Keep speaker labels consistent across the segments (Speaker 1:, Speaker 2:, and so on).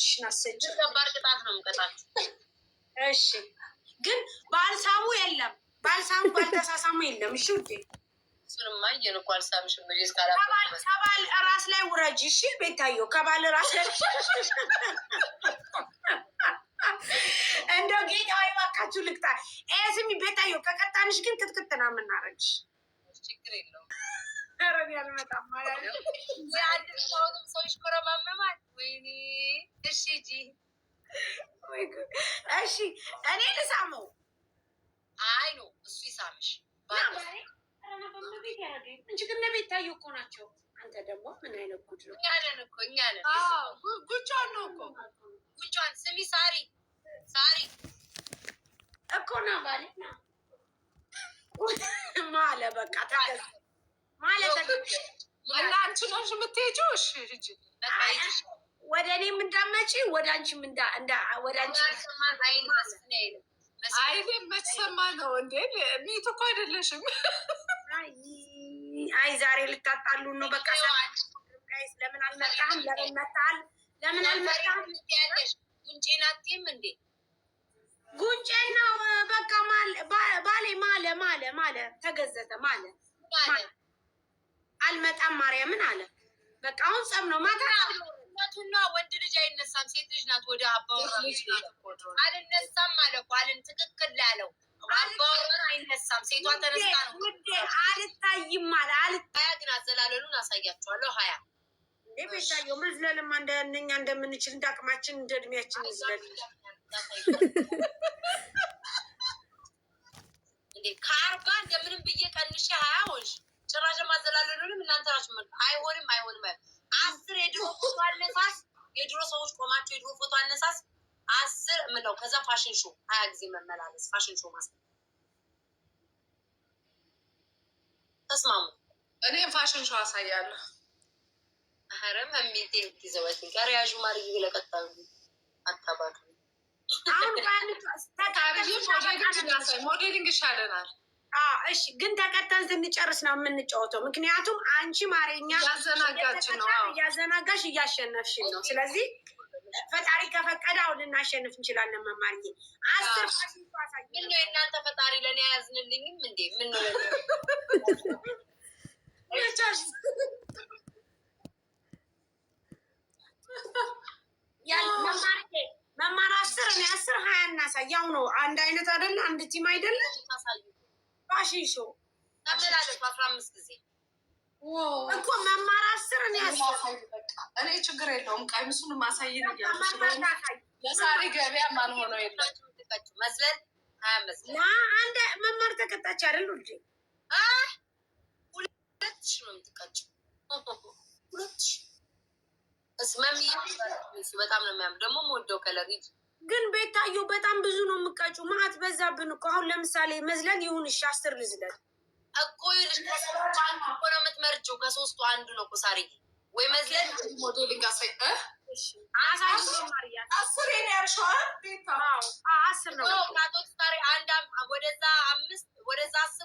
Speaker 1: ልጆችሽን አሰጭ
Speaker 2: ከባድ ቅጣት ነው የምቀጣት።
Speaker 1: እሺ ግን ባልሳሙ የለም ባልሳሙ ባልተሳሳሙ የለም። እሺ ውዴ ከባል ራስ ላይ ውረጅ። እሺ ቤታየው ከባል ራስ ላይ እንደው ጌታ ወይ እባካችሁ ልቅጣ። ስሚ ቤታየው ከቀጣንሽ ግን ክትክት ነው የምናረግሽ። ችግር የለውም ረን ያልመጣም
Speaker 2: ሰው ይሽኮረማመማል። ወይኔ እሺ፣ ሂጂ።
Speaker 1: እሺ፣ እኔ ልሳመው።
Speaker 2: አይ ነው እሱ ይሳምሽ።
Speaker 1: ምን ችግር ነው? ቤታዬ እኮ ናቸው።
Speaker 2: አንተ ደግሞ ምን አይነት ጉድ ነው? እኛ ነን እኮ እኛ ነን።
Speaker 1: ጉንጯን ነው እኮ
Speaker 2: ጉንጯን። ስሚ ሳሪ፣ ሳሪ
Speaker 1: እኮ ና ባሌ ማለ በቃ ታገ ማለት
Speaker 2: እና አንቺ ነሽ የምትሄጂው። እሺ
Speaker 1: ወደ እኔም እንዳትመጪ ወደ አንቺ አይ ዛሬ ልታጣሉን ነው በቃ። ለምን አልመጣህም? ለምን መጣል?
Speaker 2: ለምን አልመጣህም? ጉንጬን አትይም እንዴ?
Speaker 1: ጉንጬን ነው በቃ። ማለ ባሌ ማለ ማለ ማለ ተገዘተ ማለ አልመጣም ማርያምን አለ። በቃ አሁን ጸም ነው ማታ
Speaker 2: ቱና ወንድ ልጅ አይነሳም፣ ሴት ልጅ ናት። ወደ አባወራ አልነሳም አለ እኮ አልን። ትክክል ያለው አባወራ አይነሳም፣ ሴቷ ተነስታ
Speaker 1: ነው። አልታይም አለ
Speaker 2: ሀያ ግን አዘላለሉን አሳያቸዋለሁ። ሀያ
Speaker 1: ቤታየው መዝለልም እንደኛ እንደምንችል እንደ አቅማችን እንደ እድሜያችን ይዝለል።
Speaker 2: ከአርባ እንደምንም ብዬ ቀንሽ ሀያ ሆንሽ ጭራሽ ማዘላለሉንም እናንተ ናችሁ። ምን አይሆንም፣ አይሆንም። አስር የድሮ ፎቶ አነሳስ የድሮ ሰዎች ቆማቸው የድሮ ፎቶ አነሳስ አስር ምለው ከዛ ፋሽን ሾ ሀያ ጊዜ መመላለስ ፋሽን ሾ ማስ ተስማሙ።
Speaker 1: እኔ ፋሽን ሾ አሳያለሁ።
Speaker 2: አረም ሚቴ ጊዘበት ጋር ያዥ ማርጊ ለቀጣዩ አታባቱ
Speaker 1: አሁን ሞዴሊንግ ይሻለናል። እሺ ግን ተቀተን ስንጨርስ ነው የምንጫወተው። ምክንያቱም አንቺ ማሬኛ እያዘናጋሽ እያሸነፍሽ ነው። ስለዚህ ፈጣሪ ከፈቀደ አሁን ልናሸንፍ እንችላለን። መማርዬ አስር
Speaker 2: ምን እናንተ ፈጣሪ ለእኔ አያዝንልኝም እንዴ? ምን
Speaker 1: መማር አስር እኔ አስር ሀያ እናሳያው ነው አንድ አይነት አይደለ? አንድ ቲም አይደለ? ባሺሾ እኮ መማር አስር እኔ
Speaker 2: ችግር የለውም ቀሚሱን ማሳየን ለሳሪ ገበያ ማን
Speaker 1: አንድ መማር ተቀጣች አይደል?
Speaker 2: ሁለት ነው የምትቀጭው። በጣም ነው የሚያምር ደግሞ የምወደው ከለር
Speaker 1: ግን ቤታዩ በጣም ብዙ ነው የምቀጩ ማአት በዛብን እኮ አሁን ለምሳሌ መዝለል ይሁን እሺ፣ አስር ልዝለል
Speaker 2: እኮ ይልሽ እኮ ነው የምትመርጭው። ከሶስቱ አንዱ ነው እኮ ሳሪ ወይ መዝለል
Speaker 1: ሞዴሊንግ አሳይ አስር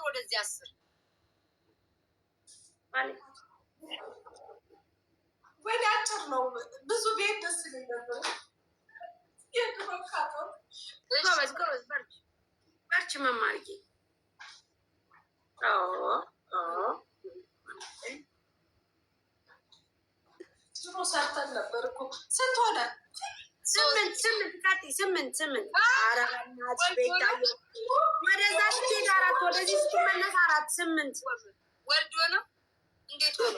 Speaker 2: ወደዚህ አስር
Speaker 1: ወደ አጭር ነው ብዙ ቤት ደስ ይለኛል።
Speaker 2: በርቺ መማርዬ
Speaker 1: ድሮ ሰርተን ነበር እኮ ስንት ሆነ? ስምንት ስምንት ቀጥ ስምንት ስምንት ወደዛ ስትሄድ አራት ወደዚህ ስትመለስ አራት ስምንት
Speaker 2: ወርዶ ነው። እንዴት ሆኖ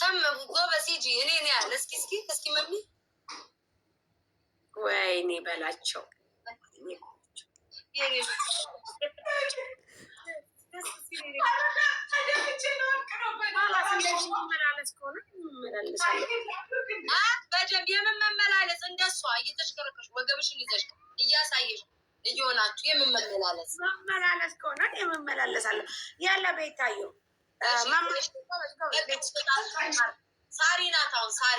Speaker 2: ተመጉ ጎበዝ ሂጂ እኔ እኔ ያለ እስኪ እስኪ እስኪ መሚ ወይኔ በላቸው በደንብ የምመላለስ እንደሷ እየተሽከረከሽ ወገብሽን ይዘሽ እያሳየሽ እየሆናችሁ
Speaker 1: መመላለስ ከሆነ ያለ ቤታየው
Speaker 2: ሳሪ ናት። አሁን ሳሪ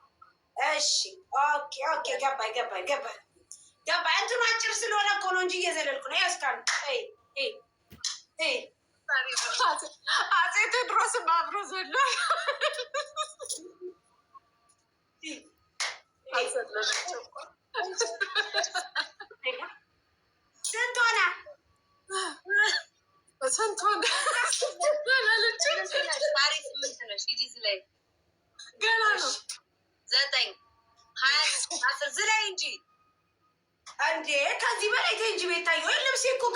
Speaker 1: እሺ ኦኬ ኦኬ፣ ገባኝ ገባኝ ገባኝ ገባኝ። እንትኑ አጭር ስለሆነ እኮ ነው እንጂ እየዘለልኩ ነው። ያስካል አፄ ቴዎድሮስ አብሮ ዘሎ ስንት ሆነ? ስንት ሆነ?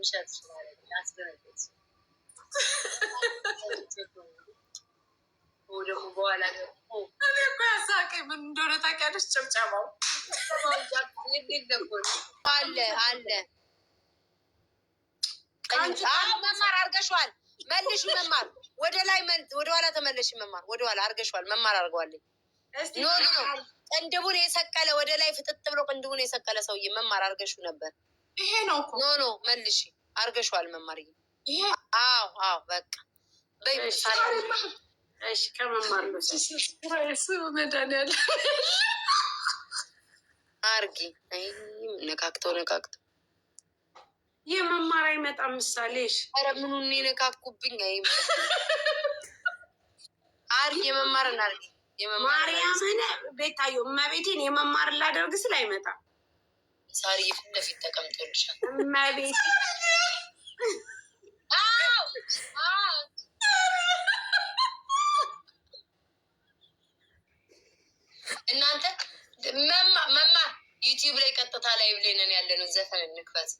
Speaker 2: ውሸት አስደነገጥ ደግሞ በኋላ ደግሞ
Speaker 1: ያሳቀኝ ምን እንደሆነ ታውቂያለሽ?
Speaker 2: አለ አለ መማር አድርገሽዋል። መልሽ መማር ወደ ላይ ወደ ኋላ ተመለሽ መማር ወደ ኋላ አድርገሽዋል። መማር አድርገዋለኝ። ኖ ኖ ቅንድቡን የሰቀለ ወደ ላይ ፍጥጥ ብሎ ቅንድቡን የሰቀለ ሰውዬ መማር አድርገሽው ነበር። ይሄ ነው እኮ ኖ ኖ መልሽ አርገሽዋል። መማር ይሄ አዎ አዎ በቃ በይ ምሳሌ እሺ። ከመማር መድኃኒዓለም አርጊ ነካክተው ነካክተው
Speaker 1: የመማር አይመጣም። ምሳሌሽ
Speaker 2: ኧረ ምኑን ነካኩብኝ። አይ አርጊ የመማርን አርጊ
Speaker 1: ማርያምን ቤታየው እመቤቴን የመማር ላደርግ ስል አይመጣም
Speaker 2: ሳሪ ፊት ለፊት ተቀምጦልሻል። እመቤት እናንተ መማር ዩቲዩብ ላይ ቀጥታ ላይ ብለንን ያለነው ዘፈን እንክፈት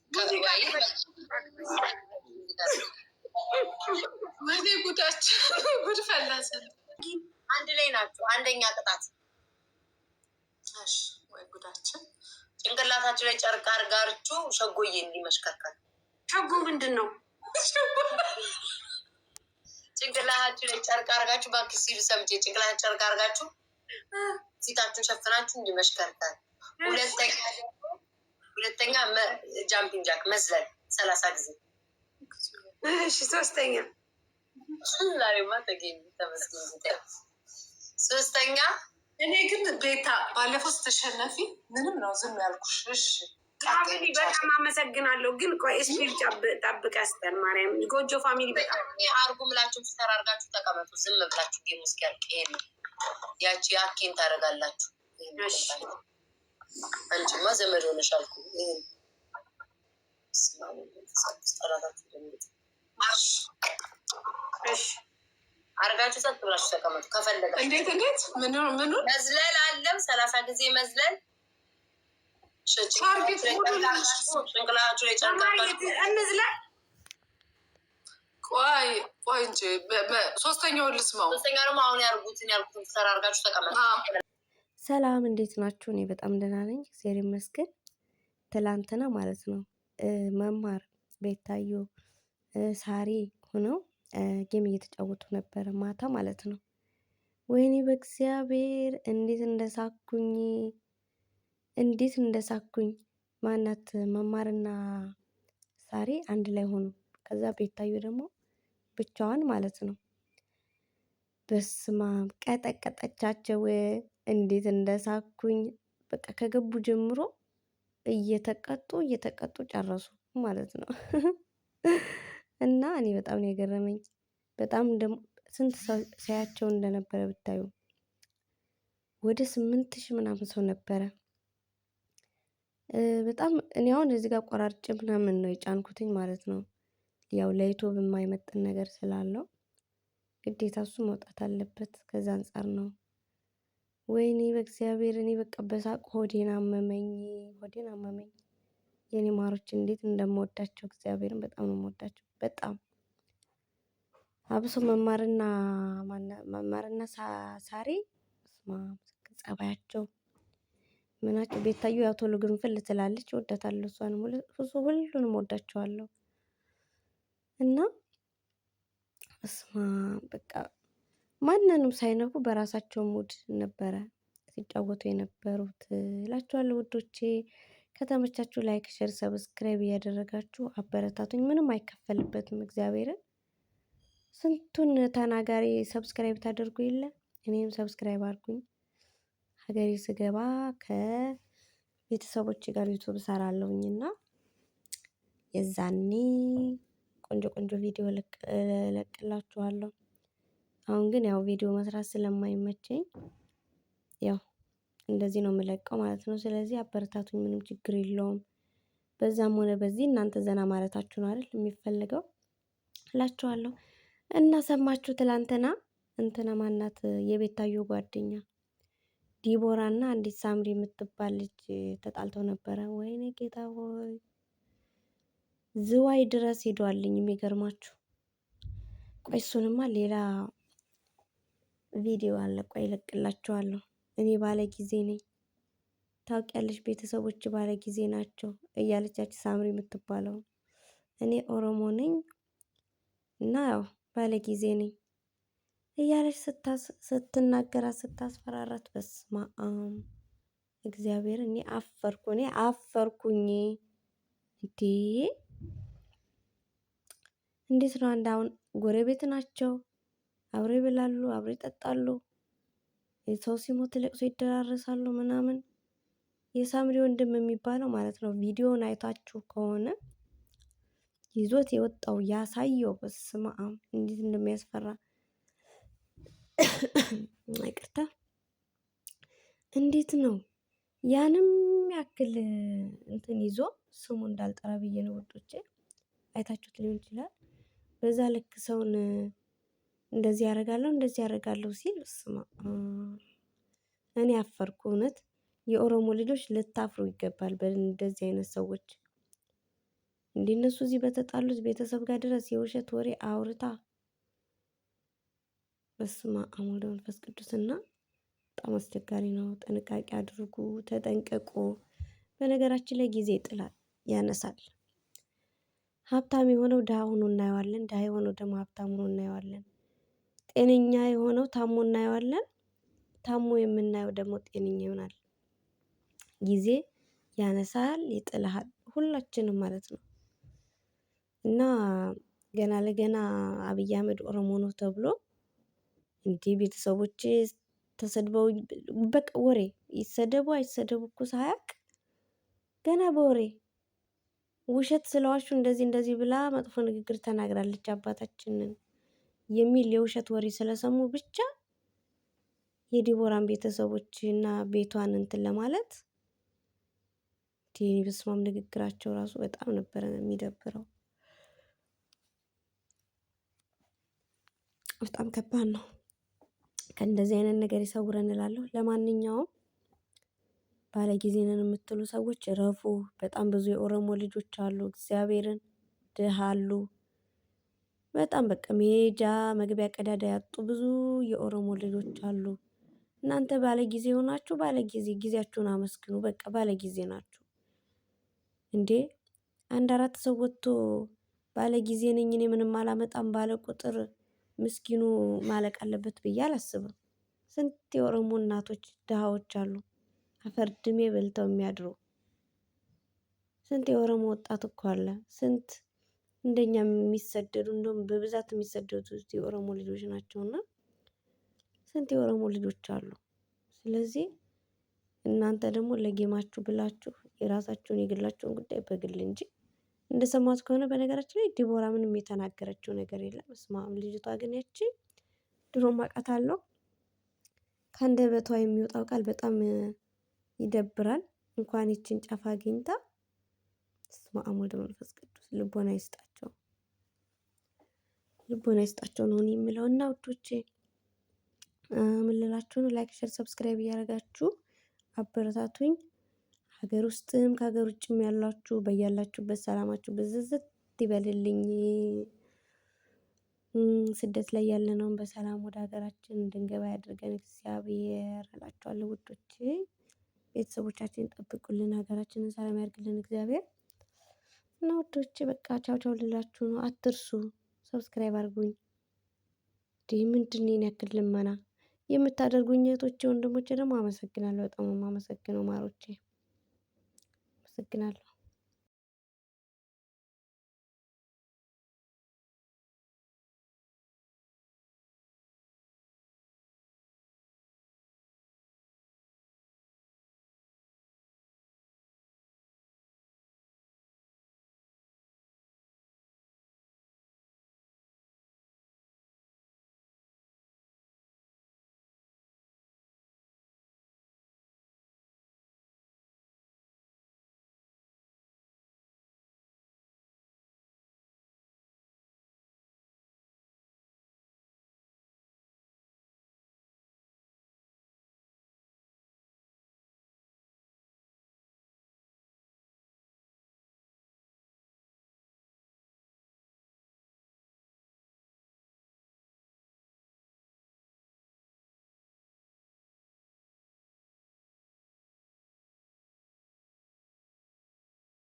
Speaker 1: ወዴ ጉዳቸው ጉድ ፈላሰ
Speaker 2: አንድ ላይ ናቸው። አንደኛ ቅጣት ወይ ጉዳችን ጭንቅላታችሁ ላይ ጨርቅ አርጋችሁ ሸጎዬ እንዲመሽከርከር።
Speaker 1: ሸጎ ምንድን ነው?
Speaker 2: ጭንቅላታችሁ ላይ ጨርቅ አርጋችሁ ባክ ሲሉ ሰምቼ፣ ጭንቅላት ጨርቅ አርጋችሁ ፊታችሁን ሸፍናችሁ እንዲመሽከርከር። ሁለተኛ ሁለተኛ ጃምፒን ጃክ መዝለል ሰላሳ ጊዜ።
Speaker 1: እሺ ሶስተኛ
Speaker 2: ላሬማ ተገኝ ተመስገን። ሶስተኛ
Speaker 1: እኔ ግን ቤታ ባለፈው ስተሸነፊ ምንም ነው ዝም ያልኩሽ። እሺ ፋሚሊ በጣም አመሰግናለሁ። ግን ቆይ ስፒድ ጠብቀ ስጠን ማርያም ጎጆ ፋሚሊ በጣም
Speaker 2: አርጉ ምላችሁ ስተር ተቀመጡ። ዝም ብላችሁ ጌም እስኪያልቅ ይሄን ያቺ አኬን ታደርጋላችሁ። አንቺማ ዘመድ ሆነሽ አልኩ ይሄን አርጋችሁ ሰጥ ብላችሁ ተቀመጡ። ከፈለጋችሁ
Speaker 1: እንዴት እንዴት ምኑን ምኑን
Speaker 2: መዝለል አለም ሰላሳ ጊዜ መዝለል ጭንቅላችሁ
Speaker 1: እንዝለል። ቆይ ቆይ እንጂ ሶስተኛውን ልስማው።
Speaker 2: ሶስተኛ ደግሞ አሁን ያርጉትን ያልኩትን ሰራ አርጋችሁ ተቀመጡ።
Speaker 3: ሰላም እንዴት ናችሁ? እኔ በጣም ደህና ነኝ፣ እግዚአብሔር ይመስገን። ትላንትና ማለት ነው መማር ቤታዮ ሳሪ ሆነው ጌም እየተጫወቱ ነበረ ማታ ማለት ነው። ወይኔ በእግዚአብሔር እንዴት እንደሳኩኝ እንዴት እንደሳኩኝ ማናት መማርና ሳሪ አንድ ላይ ሆኑ። ከዛ ቤታዩ ደግሞ ብቻዋን ማለት ነው። በስማም ቀጠቀጠቻቸው። እንዴት እንደሳኩኝ በቃ ከገቡ ጀምሮ እየተቀጡ እየተቀጡ ጨረሱ ማለት ነው። እና እኔ በጣም ነው የገረመኝ። በጣም ስንት ሰው ሲያያቸው እንደነበረ ብታዩ ወደ ስምንት ሺህ ምናምን ሰው ነበረ። በጣም እኔ አሁን እዚህ ጋር ቆራርጬ ምናምን ነው የጫንኩትኝ ማለት ነው። ያው ለይቶ የማይመጥን ነገር ስላለው ግዴታ እሱ መውጣት አለበት። ከዛ አንጻር ነው። ወይኔ በእግዚአብሔር እኔ በቃ በሳቅ ሆዴን አመመኝ፣ ሆዴን አመመኝ። የኔ ማሮች እንዴት እንደምወዳቸው እግዚአብሔርን በጣም ነው የምወዳቸው። በጣም አብሶ መማርና መማርና ሳሬ ጸባያቸው ምናቸው ቤታዩ ያው ቶሎ ግንፍል ትላለች። ወዳታለሁ እሷንም ብዙ ሁሉንም ወዳቸዋለሁ። እና እስማ በቃ ማንንም ሳይነኩ በራሳቸው ሙድ ነበረ ሲጫወቱ የነበሩት እላቸዋለሁ ውዶቼ። ከተመቻችሁ ላይክ፣ ሼር፣ ሰብስክራይብ እያደረጋችሁ አበረታቱኝ። ምንም አይከፈልበትም። እግዚአብሔርን ስንቱን ተናጋሪ ሰብስክራይብ ታደርጉ የለ እኔም ሰብስክራይብ አድርጉኝ። ሀገሬ ስገባ ከቤተሰቦች ጋር ዩቱብ ሰራለሁኝ እና የዛኔ ቆንጆ ቆንጆ ቪዲዮ ለቅላችኋለሁ አሁን ግን ያው ቪዲዮ መስራት ስለማይመቸኝ ያው እንደዚህ ነው የምለቀው ማለት ነው። ስለዚህ አበረታቱኝ፣ ምንም ችግር የለውም። በዛም ሆነ በዚህ እናንተ ዘና ማለታችሁ ነው አይደል የሚፈልገው እላችኋለሁ። እና ሰማችሁ፣ ትላንትና እንትና ማናት የቤታዮ ጓደኛ ዲቦራ እና አንዲት ሳምሪ የምትባል ልጅ ተጣልተው ነበረ። ወይኔ ጌታ ሆይ ዝዋይ ድረስ ሄደዋልኝ። የሚገርማችሁ ቆይ እሱንማ ሌላ ቪዲዮ አለ፣ ቆይ ይለቅላችኋለሁ። እኔ ባለ ጊዜ ነኝ ታውቂያለሽ፣ ቤተሰቦች ባለ ጊዜ ናቸው እያለቻች ሳምሪ የምትባለው እኔ ኦሮሞ ነኝ እና ያው ባለ ጊዜ ነኝ እያለች ስትናገራት ስታስፈራራት፣ በስመ አብ እግዚአብሔር እኔ አፈርኩ እኔ አፈርኩኝ። እንዴ እንዴት ነው አንድ አሁን ጎረቤት ናቸው፣ አብሮ ይበላሉ፣ አብሮ ይጠጣሉ። ሰው ሲሞት ለቅሶ ይደራረሳሉ ምናምን። የሳምሪ ወንድም የሚባለው ማለት ነው ቪዲዮን አይታችሁ ከሆነ ይዞት የወጣው ያሳየው በስመ አብ እንዴት እንደሚያስፈራ ይቅርታ። እንዴት ነው ያንም ያክል እንትን ይዞ ስሙ እንዳልጠራ ብዬ ነው። ወጦቼ አይታችሁት ሊሆን ይችላል። በዛ ልክ ሰውን እንደዚህ ያደርጋለሁ እንደዚህ ያደርጋለሁ ሲል ስማ፣ እኔ አፈርኩ። እውነት የኦሮሞ ልጆች ልታፍሩ ይገባል። በእንደዚህ አይነት ሰዎች እንዲነሱ እዚህ በተጣሉት ቤተሰብ ጋር ድረስ የውሸት ወሬ አውርታ በስማ አብ መንፈስ ቅዱስና በጣም አስቸጋሪ ነው። ጥንቃቄ አድርጉ፣ ተጠንቀቁ። በነገራችን ላይ ጊዜ ይጥላል፣ ያነሳል። ሀብታም የሆነው ድሃ ሆኖ እናየዋለን፣ ድሃ የሆነው ደግሞ ሀብታም ሆኖ እናየዋለን። ጤነኛ የሆነው ታሞ እናየዋለን። ታሞ የምናየው ደግሞ ጤነኛ ይሆናል። ጊዜ ያነሳል፣ ይጥልሃል፣ ሁላችንም ማለት ነው። እና ገና ለገና አብይ አህመድ ኦሮሞ ነው ተብሎ እንዲህ ቤተሰቦች ተሰድበው በቃ ወሬ ይሰደቡ አይሰደቡ እኮ ሳያቅ ገና በወሬ ውሸት ስለዋሹ እንደዚህ እንደዚህ ብላ መጥፎ ንግግር ተናግራለች አባታችንን የሚል የውሸት ወሬ ስለሰሙ ብቻ የዲቦራን ቤተሰቦች እና ቤቷን እንትን ለማለት ቴኒ በስማም ንግግራቸው ራሱ በጣም ነበረ የሚደብረው። በጣም ከባድ ነው። ከእንደዚህ አይነት ነገር ይሰውረን እላለሁ። ለማንኛውም ባለጊዜ የምትሉ ሰዎች ረፉ። በጣም ብዙ የኦሮሞ ልጆች አሉ፣ እግዚአብሔርን ድሃ አሉ። በጣም በቃ መሄጃ መግቢያ ቀዳዳ ያጡ ብዙ የኦሮሞ ልጆች አሉ። እናንተ ጊዜ ሆናችሁ ጊዜ ጊዜያችሁን አመስግኑ። በቃ ባለ ጊዜ ናችሁ። እንዴ አንድ አራት ሰው ወጥቶ ጊዜ ነኝ እኔ ምንም አላመጣም ባለ ቁጥር ምስኪኑ ማለቅ አለበት ብዬ አላስብም። ስንት የኦሮሞ እናቶች ድሃዎች አሉ አፈር ድሜ በልተው የሚያድሩ። ስንት የኦሮሞ ወጣት እኮ አለ ስንት እንደኛ የሚሰደዱ እንደውም በብዛት የሚሰደዱ የኦሮሞ ልጆች ናቸውና ስንት የኦሮሞ ልጆች አሉ። ስለዚህ እናንተ ደግሞ ለጌማችሁ ብላችሁ የራሳችሁን የግላችሁን ጉዳይ በግል እንጂ እንደሰማት ከሆነ በነገራችን ላይ ዲቦራ ምንም የተናገረችው ነገር የለም። በስማም ልጅቷ ግን ያቺ አለው። አውቃታለሁ። ከአንደበቷ የሚወጣው ቃል በጣም ይደብራል። እንኳን ይችን ጫፍ አግኝታ ስመ ወደ መንፈስ ቅዱስ ልቦና ይስጣል። ልቦና ይስጣቸው ነው እኔ የምለው። እና ውዶቼ ምን ነው፣ ላይክ ሸር፣ ሰብስክራይብ እያደረጋችሁ አበረታቱኝ። ሀገር ውስጥም ከሀገር ውጭም ያላችሁ በያላችሁበት ሰላማችሁ ብዝዝት ይበልልኝ። ስደት ላይ ያለነውን በሰላም ወደ ሀገራችን እንድንገባ ያድርገን እግዚአብሔር እላችኋለሁ ውዶቼ። ቤተሰቦቻችን ጠብቁልን፣ ሀገራችንን ሰላም ያድርግልን እግዚአብሔር እና ውዶቼ በቃ ቻው ቻው ልላችሁ ነው። አትርሱ ሰብስክራይብ አድርጉኝ። ዲ ምንድን ያክል ልመና የምታደርጉኝ እህቶቼ ወንድሞቼ ደግሞ አመሰግናለሁ። በጣም አመሰግነው ማሮቼ አመሰግናለሁ።